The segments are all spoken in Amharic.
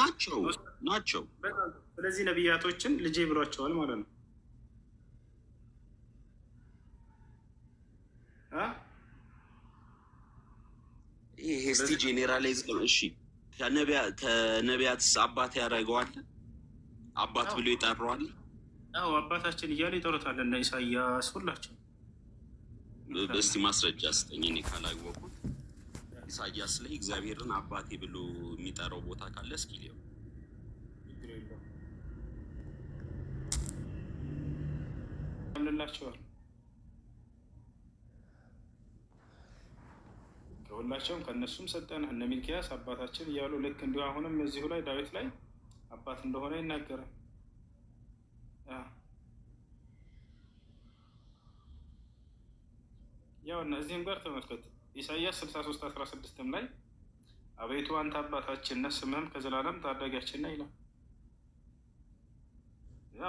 ናቸው ናቸው። ስለዚህ ነቢያቶችን ልጄ ብሏቸዋል ማለት ነው። ይሄ ስቲ ጄኔራላይዝ ነው። እሺ ከነቢያትስ አባት ያደረገዋል አባት ብሎ ይጠራዋል። አዎ አባታችን እያሉ ይጠሩታል። እና ኢሳያስ ሁላቸው። እስቲ ማስረጃ ስጠኝ እኔ ካላወቁ ኢሳያስ ላይ እግዚአብሔርን አባቴ ብሎ የሚጠራው ቦታ ካለ እስኪ ሊሆን ምንላቸዋል ከሁላቸውም ከእነሱም ሰጠን እነ ሚልኪያስ አባታችን እያሉ ልክ እንዲሁ አሁንም እዚሁ ላይ ዳዊት ላይ አባት እንደሆነ ይናገራል። ያው እና እዚህም ጋር ተመልከት። ኢሳያስ 63 16 ላይ አቤቱ አንተ አባታችን ነህ፣ ስምህም ከዘላለም ታዳጊያችን ነህ ይላል።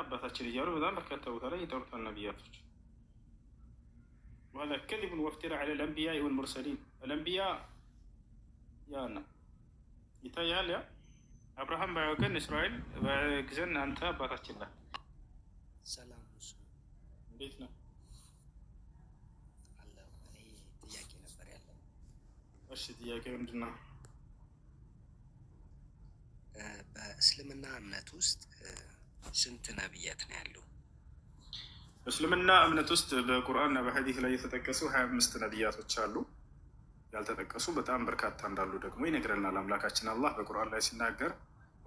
አባታችን እያሉ በጣም በርካታ ቦታ ላይ ይጠሩታል ነቢያቶች። وهذا كذب وافتراء على الأنبياء والمرسلين الأنبياء يا أنا ይታያል። ያ አብርሃም ባይወገን እስራኤል በግዘን አንተ አባታችን ነህ። ሰላም እንዴት ነው? እሺ ጥያቄ ምንድን ነው? በእስልምና እምነት ውስጥ ስንት ነብያት ነው ያለው? በእስልምና እምነት ውስጥ በቁርአንና በሐዲስ ላይ የተጠቀሱ ሀያ አምስት ነቢያቶች አሉ። ያልተጠቀሱ በጣም በርካታ እንዳሉ ደግሞ ይነግረናል። አምላካችን አላህ በቁርአን ላይ ሲናገር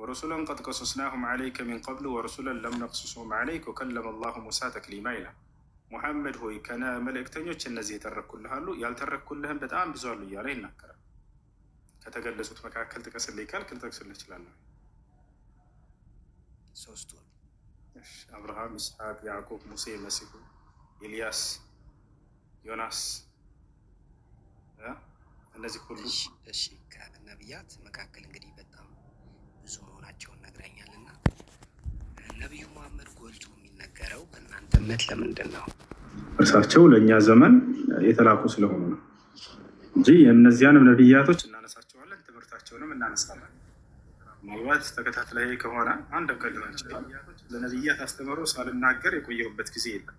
ወረሱለን ቀድ ቀሱስናሁም ዐለይከ ሚን ቀብሉ ወረሱለን ለም ነቅሱሱም ዐለይክ ወከለመ አላሁ ሙሳ ተክሊማ ይላል። ሙሐመድ ሆይ መልእክተኞች እነዚህ የተረኩልህ አሉ፣ ያልተረኩልህም በጣም ብዙ አሉ እያለ ይናገራል። ከተገለጹት መካከል ጥቀስልኝ ካልክ ልጠቅስልህ እችላለሁ። ሶስቱ አብርሃም፣ ይስሐቅ፣ ያዕቆብ፣ ሙሴ፣ መሲሁ፣ ኤልያስ፣ ዮናስ እነዚህ ሁሉ እሺ ከነቢያት መካከል እንግዲህ በጣም ብዙ መሆናቸውን ነግረኛል እና ነቢዩ መሐመድ ጎልቶ የተነገረው በእናንተ እምነት ለምንድን ነው? እርሳቸው ለእኛ ዘመን የተላኩ ስለሆኑ ነው እንጂ የእነዚያንም ነቢያቶች እናነሳቸዋለን፣ ትምህርታቸውንም እናነሳለን። ምናልባት ተከታትላይ ከሆነ አንድ ከልናቸው ለነቢያት አስተምሮ ሳልናገር የቆየሁበት ጊዜ የለም።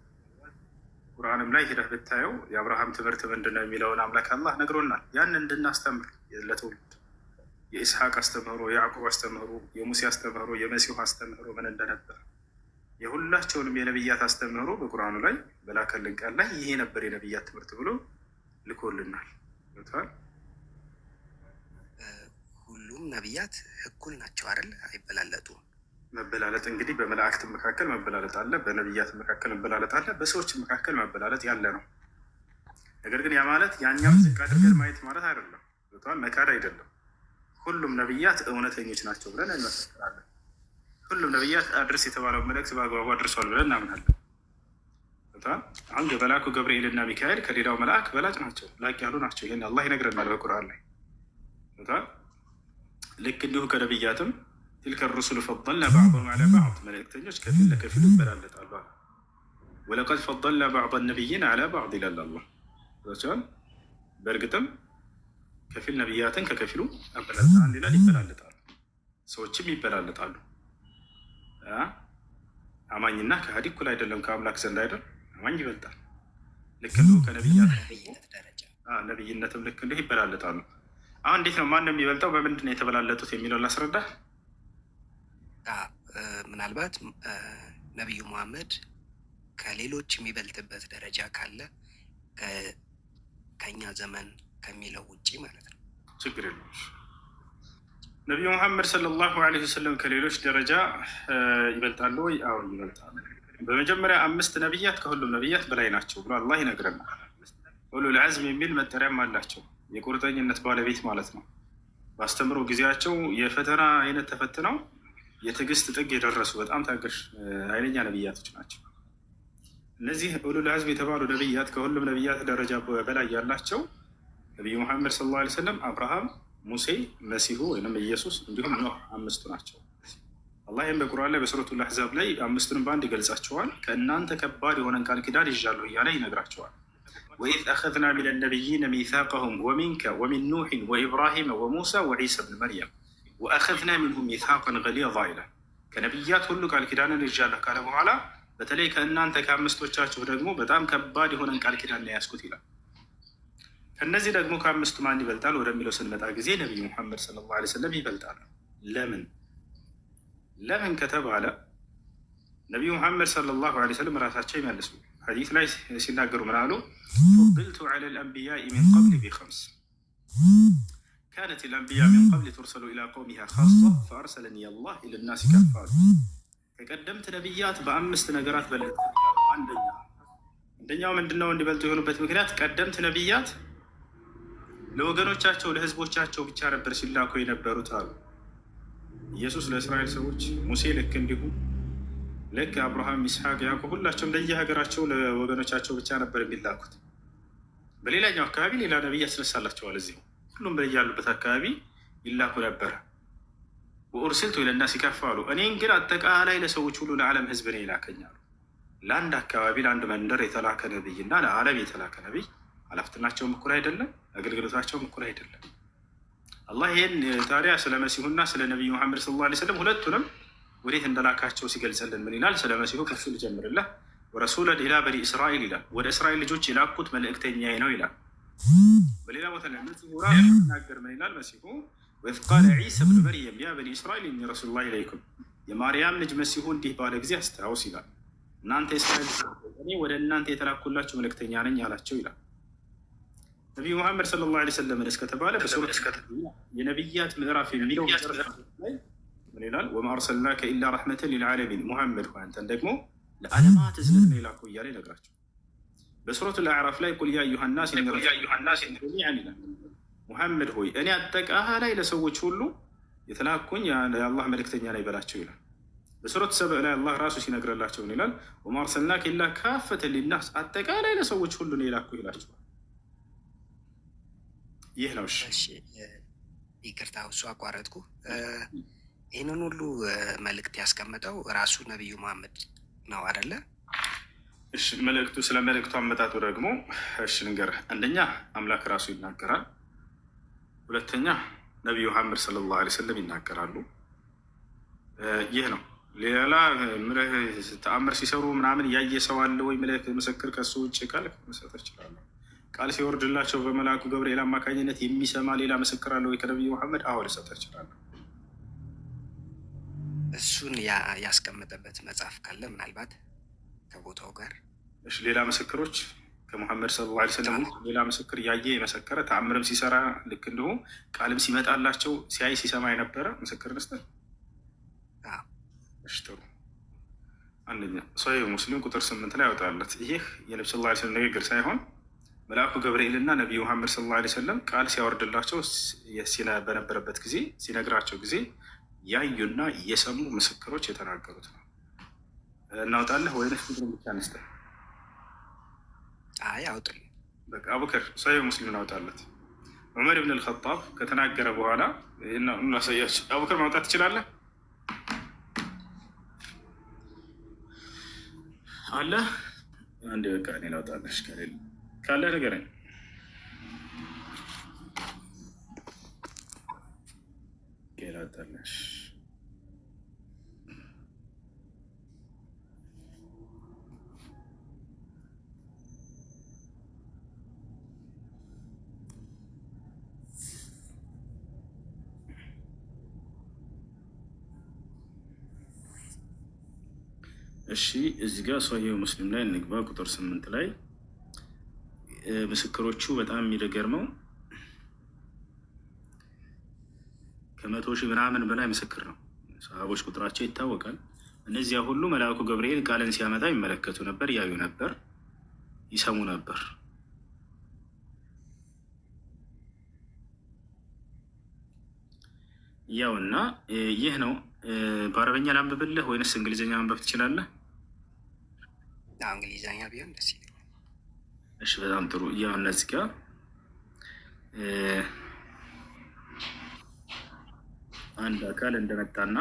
ቁርአንም ላይ ሄደህ ብታየው የአብርሃም ትምህርት ምንድን ነው የሚለውን አምላክ አላህ ነግሮናል። ያን እንድናስተምር ለትውልድ የኢስሐቅ አስተምህሮ፣ የያዕቆብ አስተምህሮ፣ የሙሴ አስተምህሮ፣ የመሲሁ አስተምህሮ ምን እንደነበር የሁላቸውንም የነብያት አስተምህሮ በቁርአኑ ላይ በላከልን ቃል ላይ ይሄ ነበር የነብያት ትምህርት ብሎ ልኮልናል። ሁሉም ነብያት እኩል ናቸው አይደል? አይበላለጡ መበላለጥ እንግዲህ በመላእክት መካከል መበላለጥ አለ፣ በነብያት መካከል መበላለጥ አለ፣ በሰዎች መካከል መበላለጥ ያለ ነው። ነገር ግን ያ ማለት ያኛው ዝቅ አድርገን ማየት ማለት አይደለም። መካድ አይደለም። ሁሉም ነብያት እውነተኞች ናቸው ብለን እንመሰክራለን። ሁሉም ነብያት አድርስ የተባለው መልእክት በአግባቡ አድርሷል ብለን እናምናለን። አንዱ መልአኩ ገብርኤልና ሚካኤል ከሌላው መልአክ በላጭ ናቸው፣ ላቅ ያሉ ናቸው። ይህን አላህ ይነግረናል በቁርአን ላይ። ልክ እንዲሁ ከነብያትም ትልከ ሩሱሉ ፈضልና ባዕضሁም ዐላ ባዕድ፣ መልእክተኞች ከፊል ለከፊሉ ይበላለጣሉ። ወለቀድ ፈضልና ባዕض ነቢይን ዐላ ባዕድ ይላል አላህ። በእርግጥም ከፊል ነቢያትን ከከፊሉ አበላልጣል ይላል። ይበላለጣሉ፣ ሰዎችም ይበላለጣሉ። አማኝና ከሀዲ እኩል አይደለም ከአምላክ ዘንድ አይደል? አማኝ ይበልጣል። ልክ እንዲሁ ከነብያት ነብይነትም ልክ እንዲሁ ይበላለጣሉ። አሁን እንዴት ነው ማን ነው የሚበልጠው? በምንድን ነው የተበላለጡት የሚለውን ላስረዳ። ምናልባት ነቢዩ መሐመድ ከሌሎች የሚበልጥበት ደረጃ ካለ ከኛ ዘመን ከሚለው ውጭ ማለት ነው። ችግር የለውም። ነቢዩ መሐመድ ሰለላሁ ዐለይሂ ወሰለም ከሌሎች ደረጃ ይበልጣሉ ወይ? አሁን ይበልጣሉ። በመጀመሪያ አምስት ነቢያት ከሁሉም ነቢያት በላይ ናቸው ብሎ አላህ ይነግረናል። ኡሉል ዐዝም የሚል መጠሪያም አላቸው። የቁርጠኝነት ባለቤት ማለት ነው። በአስተምሮ ጊዜያቸው የፈተና አይነት ተፈትነው የትዕግስት ጥግ የደረሱ በጣም ታገሽ ኃይለኛ ነቢያቶች ናቸው። እነዚህ ኡሉል ዐዝም የተባሉ ነቢያት ከሁሉም ነቢያት ደረጃ በላይ ያላቸው ነቢዩ መሐመድ ሰለላሁ ዐለይሂ ወሰለም አብርሃም ሙሴ፣ መሲሁ ወይም ኢየሱስ እንዲሁም ኖህ አምስቱ ናቸው። አላህ ይህም በቁርአን ላይ በሱረቱል አሕዛብ ላይ አምስቱንም በአንድ ይገልጻቸዋል። ከእናንተ ከባድ የሆነን ቃል ኪዳን ይዣለሁ እያለ ይነግራቸዋል። ወኢዝ አኸዝና ሚነ ነቢይነ ሚሳቀሁም ወሚንከ ወሚን ኑሕን ወኢብራሂመ ወሙሳ ወዒሳ ብን መርየም ወአኸዝና ሚንሁም ሚሳቀን ገሊዛ ይላል። ከነቢያት ሁሉ ቃል ኪዳንን ይዣለሁ ካለ በኋላ በተለይ ከእናንተ ከአምስቶቻችሁ ደግሞ በጣም ከባድ የሆነን ቃል ኪዳን ያስኩት የያዝኩት ይላል። ከእነዚህ ደግሞ ከአምስቱ ማን ይበልጣል ወደሚለው ስንመጣ ጊዜ ነቢዩ ሙሐመድ ሰለላሁ ዓለይሂ ወሰለም ይበልጣሉ። ለምን ለምን ከተባለ ነቢዩ ሙሐመድ ሰለላሁ ዓለይሂ ወሰለም ራሳቸው ይመልሱ ሐዲስ ላይ ሲናገሩ ምን አሉ? ፉድልቱ ዐላ ልአንቢያኢ ሚን ቀብሊ ቢኸምስ ካነት ልአንቢያ ሚን ቀብሊ ቱርሰሉ ኢላ ቀውሚሃ ኻሷ ፈአርሰለኒ አላህ ኢለናስ ይካፋሉ። ከቀደምት ነቢያት በአምስት ነገራት በልጥ። አንደኛ አንደኛው ምንድነው እንዲበልጡ የሆኑበት ምክንያት ቀደምት ነቢያት ለወገኖቻቸው ለህዝቦቻቸው ብቻ ነበር ሲላኩ የነበሩት አሉ። ኢየሱስ ለእስራኤል ሰዎች፣ ሙሴ ልክ እንዲሁ ልክ አብርሃም፣ ይስሐቅ፣ ያዕቆብ ሁላቸውም ለየሀገራቸው ለወገኖቻቸው ብቻ ነበር የሚላኩት። በሌላኛው አካባቢ ሌላ ነቢይ ያስነሳላቸዋል። እዚህ ሁሉም በያሉበት አካባቢ ይላኩ ነበር። ወኡርሲልቱ ለና ካፋ አሉ። እኔን ግን አጠቃላይ ለሰዎች ሁሉ ለዓለም ህዝብ ነው ይላከኛሉ። ለአንድ አካባቢ ለአንድ መንደር የተላከ ነቢይ እና ለዓለም የተላከ ነቢይ አላፍትናቸውም እኩል አይደለም፣ አገልግሎታቸውም እኩል አይደለም። አላህ ይህን ታዲያ ስለ መሲሁና ስለ ነቢዩ መሐመድ ሰለላሁ ዓለይሂ ወሰለም ሁለቱንም ወዴት እንደላካቸው ሲገልጸልን ምን ይላል? ስለ መሲሁ ከሱ ልጀምርልህ። ወረሱለን ኢላ በኒ እስራኤል ይላል፣ ወደ እስራኤል ልጆች የላኩት መልእክተኛዬ ነው ይላል። በሌላ ቦታ ላይ መሲሁ ራሱ ሲናገር ምን ይላል? መሲሁ ወኢዝ ቃለ ዒሳ ብን መርየም ያ በኒ እስራኤል ኢኒ ረሱሉላሂ ኢለይኩም፣ የማርያም ልጅ መሲሁ እንዲህ ባለ ጊዜ አስታውስ ይላል፣ እናንተ እስራኤል እኔ ወደ እናንተ የተላኩላችሁ መልእክተኛ ነኝ አላቸው ይላል ነቢዩ መሐመድ ሰለላሁ ዓለይሂ ወሰለም እስከተባለ የነቢያት ምዕራፍ የሚለው ላይ ምን ይላል? ወማ አርሰልናከ ኢላ ረሕመተን ሊልዓለሚን ሙሐመድ አንተን ደግሞ ለዓለማት ሕዝነት ነው የላከው እያለ ይነግራቸው። በሱረቱ አዕራፍ ላይ ቁል ያ አዩሃናስ ሙሐመድ ሆይ እኔ አጠቃላይ ለሰዎች ሁሉ የተላኩኝ የአላህ መልእክተኛ ላይ በላቸው ይላል። በሱረቱ ሰብእ ላይ አላህ ራሱ ሲነግረላቸው ይላል ወማ አርሰልናከ ኢላ ካፈተን ሊናስ አጠቃላይ ለሰዎች ሁሉ ነው የላኩ ይላቸዋል። ይህ ነው። እሺ ይቅርታ እሱ አቋረጥኩ። ይህንን ሁሉ መልእክት ያስቀመጠው ራሱ ነቢዩ መሐመድ ነው አደለ? እሺ መልእክቱ ስለ መልእክቱ አመጣጡ ደግሞ እሺ ንገር። አንደኛ አምላክ ራሱ ይናገራል። ሁለተኛ ነቢዩ መሐመድ ሰለላሁ ዐለይሂ ወሰለም ይናገራሉ። ይህ ነው። ሌላ ተአምር ሲሰሩ ምናምን ያየ ሰው አለ ወይ? ምስክር ከሱ ውጭ ካልክ መሰጠት ይችላለሁ ቃል ሲወርድላቸው በመልአኩ ገብርኤል አማካኝነት የሚሰማ ሌላ ምስክር አለ ወይ? ከነቢዩ መሐመድ አሁን ልሰጠ ይችላለ። እሱን ያስቀመጠበት መጽሐፍ ካለ ምናልባት ከቦታው ጋር ሌላ ምስክሮች ከሙሐመድ ሰለላሁ ዐለይሂ ወሰለም ሌላ ምስክር ያየ የመሰከረ ተአምርም ሲሰራ ልክ እንደሁ ቃልም ሲመጣላቸው ሲያይ ሲሰማ የነበረ ምስክር ንስጠት ሽጥሩ አንደኛ ሰሒህ ሙስሊም ቁጥር ስምንት ላይ ያወጣለት ይህ የነቢ ስ ላ ንግግር ሳይሆን መልአኩ ገብርኤልና ነቢዩ መሐመድ ሰለላሁ ዓለይሂ ወሰለም ቃል ሲያወርድላቸው በነበረበት ጊዜ ሲነግራቸው ጊዜ ያዩና የሰሙ ምስክሮች የተናገሩት ነው። እናውጣለህ ወይ ቁጥሩን ብቻ አይ በቃ አቡከር ሳይ ሙስሊም እናውጣለት ዑመር ብን ልከጣብ ከተናገረ በኋላ እናሳያቸው። አቡከር ማውጣት ትችላለህ? አለ አንድ በቃ እኔ ላውጣለሽ ከሌለ ካለ ንገረኝ። ጌላጠለሽ እሺ እዚህ ጋር ሰውየው ሙስሊም ላይ እንግባ ቁጥር ስምንት ላይ ምስክሮቹ በጣም የሚገርመው ከመቶ ሺህ ምናምን በላይ ምስክር ነው። ሰሃቦች ቁጥራቸው ይታወቃል። እነዚያ ሁሉ መልአኩ ገብርኤል ቃልን ሲያመጣ ይመለከቱ ነበር፣ ያዩ ነበር፣ ይሰሙ ነበር። ያው እና ይህ ነው። በአረበኛ ላንብብልህ ወይንስ እንግሊዝኛ ማንበብ ትችላለህ? እንግሊዝኛ ቢሆን ደስ ይላል። እሺ፣ በጣም ጥሩ። ያው እነዚህ ጋር አንድ አካል እንደመጣና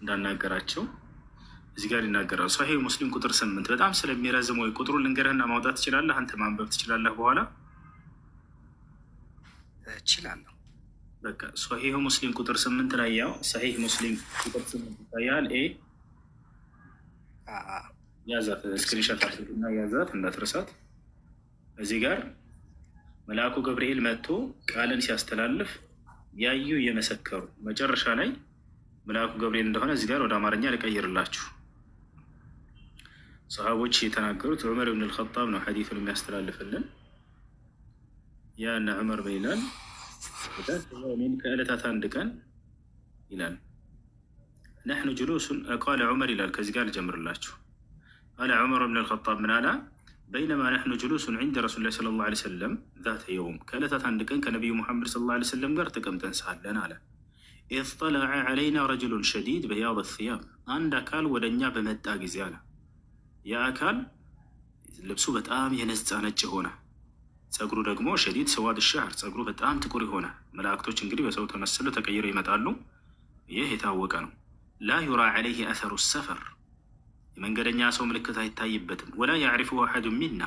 እንዳናገራቸው እዚህ ጋር ይናገራል። ሶሂህ ሙስሊም ቁጥር ስምንት በጣም ስለሚረዝም ወይ ቁጥሩ ልንገርህና ማውጣት ትችላለህ አንተ ማንበብ ትችላለህ በኋላ እችላለሁ። በቃ ሶሂህ ሙስሊም ቁጥር ስምንት ላይ ያው ሶሂህ ሙስሊም ቁጥር ስምንት ይታያል። ኤ ያዛት ስክሪንሻት እና ያዛት እንዳትረሳት። እዚህ ጋር መልአኩ ገብርኤል መጥቶ ቃልን ሲያስተላልፍ ያዩ እየመሰከሩ መጨረሻ ላይ መልአኩ ገብርኤል እንደሆነ እዚህ ጋር ወደ አማርኛ ልቀይርላችሁ። ሰሃቦች የተናገሩት ዑመር ብን አልኸጣብ ነው ሐዲቱን የሚያስተላልፍልን። ያና ዑመር ምን ይላል? ከዕለታት አንድ ቀን ይላል ነሕኑ ጅሉሱን ቃለ ዑመር ይላል። ከዚህ ጋር ልጀምርላችሁ። ቃለ ዑመር ብን አልኸጣብ ምን አላ በይነማ ነሕኑ ጅሉሱን ዒንደ ረሱል ሰለላሁ ዐለይሂ ወሰለም ዛተ የውም ከዕለታት አንድ ቀን ከነቢዩ ሙሐመድ ሰለላሁ ዐለይሂ ወሰለም ጋር ተቀምጠን ሳለን አለ ኢዝ ጠለዐ ዐለይና ረጅሉን ሸዲድ በያድ ሲያብ አንድ አካል ወደ እኛ በመጣ ጊዜ አለ ያ አካል ልብሱ በጣም የነጻ ነጭ የሆነ ፀጉሩ ደግሞ ሸዲድ ሰዋድ ሻዕር ጸጉሩ በጣም ጥቁር የሆነ መላእክቶች እንግዲህ በሰው ተመስለው ተቀይረው ይመጣሉ። ይህ የታወቀ ነው። ላ ዩራ ዐለይህ አሰሩ ሰፈር የመንገደኛ ሰው ምልክት አይታይበትም። ወላ ያዕሪፉ አሐዱ ሚና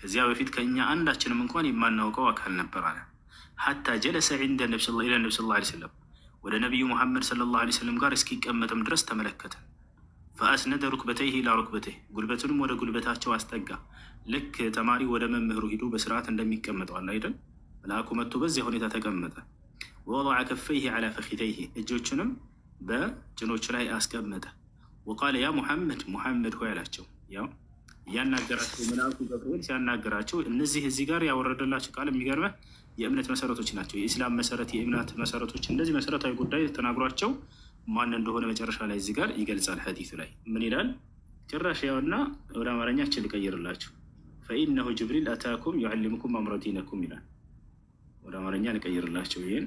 ከዚያ በፊት ከእኛ አንዳችንም እንኳን የማናውቀው አካል ነበር አለ። ሐታ ጀለሰ ዒንደ ኢለ ነቢ ስለ ሰለም ወደ ነቢዩ ሙሐመድ ስለ ላ ወሰለም ጋር እስኪቀመጥም ድረስ ተመለከተ። ፈአስነደ ሩክበተይህ ኢላ ሩክበተይህ ጉልበቱንም ወደ ጉልበታቸው አስጠጋ። ልክ ተማሪ ወደ መምህሩ ሂዱ በስርዓት እንደሚቀመጠዋል አይደል? መልአኩ መጥቶ በዚያ ሁኔታ ተቀመጠ። ወወضዐ ከፈይህ ዐላ ፈኺተይህ እጆቹንም በጭኖቹ ላይ አስቀመጠ። ወቃለ ያ ሙሐመድ ሙሐመድ ሆይ አላቸው። ያው እያናገራቸው መልአኩ ገብርኤል ሲያናገራቸው እነዚህ እዚህ ጋር ያወረደላቸው ቃል የሚገርመ የእምነት መሰረቶች ናቸው። የኢስላም መሰረት፣ የእምነት መሰረቶች እነዚህ መሰረታዊ ጉዳይ ተናግሯቸው ማን እንደሆነ መጨረሻ ላይ እዚህ ጋር ይገልጻል። ሀዲቱ ላይ ምን ይላል? ጭራሽ ያውና ወደ አማርኛችን ልቀይርላችሁ። ፈኢነሁ ጅብሪል አታኩም ዩዓሊሙኩም አምረ ዲነኩም ይላል። ወደ አማርኛ ልቀይርላቸው ይህን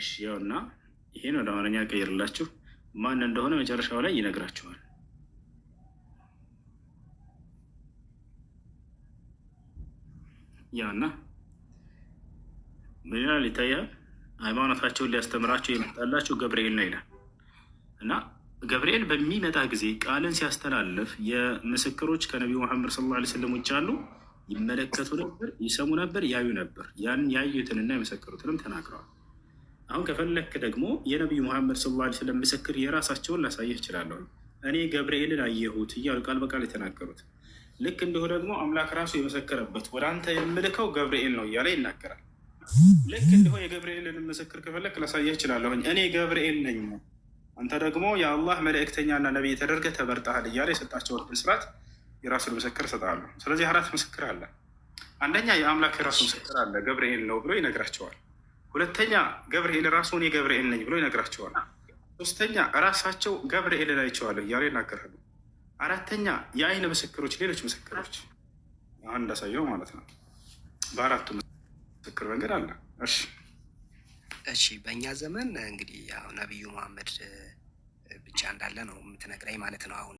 እሺ ያው እና ይሄን ወደ አማርኛ ቀይርላችሁ ማን እንደሆነ መጨረሻው ላይ ይነግራችኋል። ያና ምን ይላል ይታያል። ሃይማኖታቸውን ሊያስተምራቸው የመጣላቸው ገብርኤል ነው ይላል እና ገብርኤል በሚመጣ ጊዜ ቃልን ሲያስተላልፍ የምስክሮች ከነቢዩ መሐመድ ስለ ላ ስለም ውጭ አሉ ይመለከቱ ነበር፣ ይሰሙ ነበር፣ ያዩ ነበር። ያን ያዩትንና የመሰከሩትንም ተናግረዋል። አሁን ከፈለክ ደግሞ የነቢዩ መሐመድ ስለ ላ ስለም ምስክር የራሳቸውን ላሳየህ እችላለሁ። እኔ ገብርኤልን አየሁት እያሉ ቃል በቃል የተናገሩት ልክ እንዲሁ ደግሞ አምላክ ራሱ የመሰከረበት ወደ አንተ የምልከው ገብርኤል ነው እያለ ይናገራል። ልክ እንዲሁ የገብርኤልን ምስክር ከፈለክ ላሳየህ እችላለሁኝ። እኔ ገብርኤል ነኝ፣ አንተ ደግሞ የአላህ መልእክተኛና ነቢይ ተደርገህ ተመርጠሃል እያለ የሰጣቸውን ብስራት የራሱን ምስክር እሰጥሃለሁ። ስለዚህ አራት ምስክር አለ። አንደኛ የአምላክ የራሱ ምስክር አለ፣ ገብርኤል ነው ብሎ ይነግራቸዋል። ሁለተኛ ገብርኤል ራሱ እኔ ገብርኤል ነኝ ብሎ ይነግራቸዋል። ሶስተኛ ራሳቸው ገብርኤልን ላይቸዋለሁ እያሉ ይናገራሉ። አራተኛ የአይን ምስክሮች፣ ሌሎች ምስክሮች አሁን እንዳሳየው ማለት ነው። በአራቱ ምስክር መንገድ አለ። እሺ እሺ። በእኛ ዘመን እንግዲህ ያው ነቢዩ መሐመድ ብቻ እንዳለ ነው የምትነግረኝ ማለት ነው አሁን